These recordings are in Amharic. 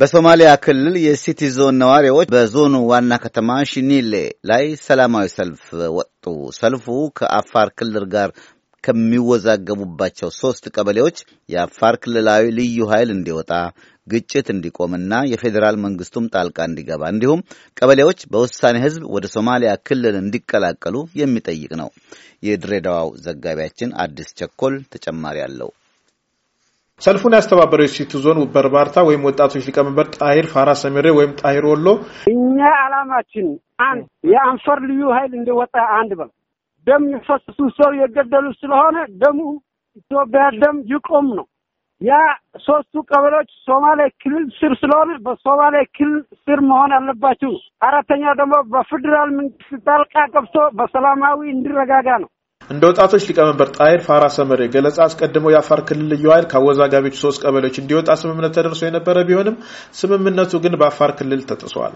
በሶማሊያ ክልል የሲቲ ዞን ነዋሪዎች በዞኑ ዋና ከተማ ሽኒሌ ላይ ሰላማዊ ሰልፍ ወጡ። ሰልፉ ከአፋር ክልል ጋር ከሚወዛገቡባቸው ሶስት ቀበሌዎች የአፋር ክልላዊ ልዩ ኃይል እንዲወጣ፣ ግጭት እንዲቆምና የፌዴራል መንግስቱም ጣልቃ እንዲገባ እንዲሁም ቀበሌዎች በውሳኔ ሕዝብ ወደ ሶማሊያ ክልል እንዲቀላቀሉ የሚጠይቅ ነው። የድሬዳዋው ዘጋቢያችን አዲስ ቸኮል ተጨማሪ አለው። ሰልፉን ያስተባበረው ሲቲ ዞን በርባርታ ወይም ወጣቶች ሊቀመንበር ጣሂር ፋራ ሰሜሬ ወይም ጣሂር ወሎ፣ እኛ አላማችን አንድ የአንፈር ልዩ ኃይል እንደወጣ አንድ በል ደም የፈሰሱ ሰው የገደሉ ስለሆነ ደሙ ኢትዮጵያ ደም ይቆም ነው። ያ ሶስቱ ቀበሌዎች ሶማሌ ክልል ስር ስለሆነ በሶማሌ ክልል ስር መሆን አለባቸው። አራተኛ ደግሞ በፌዴራል መንግስት ጣልቃ ገብቶ በሰላማዊ እንዲረጋጋ ነው። እንደ ወጣቶች ሊቀመንበር ጣይር ፋራ ሰመሬ ገለጻ አስቀድመው የአፋር ክልል ልዩ ኃይል ከአወዛጋቢዎቹ ሶስት ቀበሌዎች እንዲወጣ ስምምነት ተደርሶ የነበረ ቢሆንም ስምምነቱ ግን በአፋር ክልል ተጥሷል።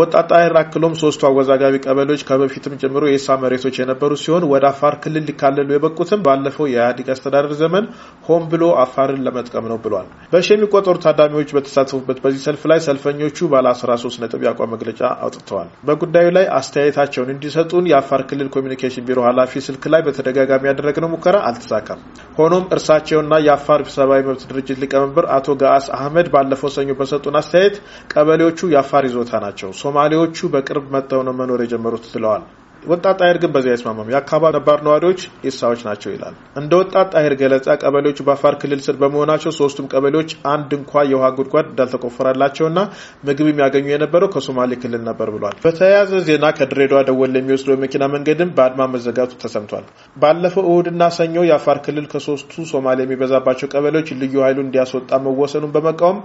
ወጣት ጣይር አክሎም ሶስቱ አወዛጋቢ ቀበሌዎች ከበፊትም ጀምሮ የኢሳ መሬቶች የነበሩ ሲሆን ወደ አፋር ክልል ሊካለሉ የበቁትም ባለፈው የኢህአዴግ አስተዳደር ዘመን ሆን ብሎ አፋርን ለመጥቀም ነው ብሏል። በሺ የሚቆጠሩ ታዳሚዎች በተሳተፉበት በዚህ ሰልፍ ላይ ሰልፈኞቹ ባለ 13 ነጥብ የአቋም መግለጫ አውጥተዋል። በጉዳዩ ላይ አስተያየታቸውን እንዲሰጡን የአፋር ክልል ኮሚኒኬሽን ቢሮ ኃላፊ ስልክ ላይ ላይ በተደጋጋሚ ያደረግነው ሙከራ አልተሳካም። ሆኖም እርሳቸውና የአፋር ሰብአዊ መብት ድርጅት ሊቀመንበር አቶ ጋአስ አህመድ ባለፈው ሰኞ በሰጡን አስተያየት ቀበሌዎቹ የአፋር ይዞታ ናቸው፣ ሶማሌዎቹ በቅርብ መጥተው ነው መኖር የጀመሩት ብለዋል። ወጣት ጣይር ግን በዚህ አይስማማም። የአካባቢ ነባር ነዋሪዎች ኢሳዎች ናቸው ይላል። እንደ ወጣት ጣይር ገለጻ ቀበሌዎቹ በአፋር ክልል ስር በመሆናቸው ሶስቱም ቀበሌዎች አንድ እንኳ የውሃ ጉድጓድ እንዳልተቆፈራላቸውና ምግብ የሚያገኙ የነበረው ከሶማሌ ክልል ነበር ብሏል። በተያያዘ ዜና ከድሬዳዋ ደወል የሚወስደው የመኪና መንገድም በአድማ መዘጋቱ ተሰምቷል። ባለፈው እሁድና ሰኞ የአፋር ክልል ከሶስቱ ሶማሌ የሚበዛባቸው ቀበሌዎች ልዩ ኃይሉ እንዲያስወጣ መወሰኑን በመቃወም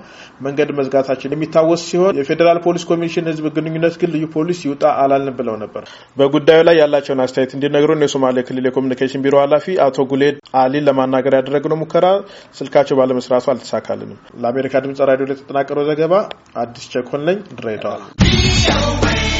መንገድ መዝጋታችን የሚታወስ ሲሆን የፌዴራል ፖሊስ ኮሚሽን ህዝብ ግንኙነት ግን ልዩ ፖሊስ ይውጣ አላልን ብለው ነበር። በጉዳዩ ላይ ያላቸውን አስተያየት እንዲነግሩ የሶማሌ ክልል የኮሚኒኬሽን ቢሮ ኃላፊ አቶ ጉሌድ አሊን ለማናገር ያደረግነው ሙከራ ስልካቸው ባለመስራቱ አልተሳካልንም። ለአሜሪካ ድምጽ ራዲዮ ለተጠናቀረው ዘገባ አዲስ ቸኮን ነኝ ድሬዳዋል።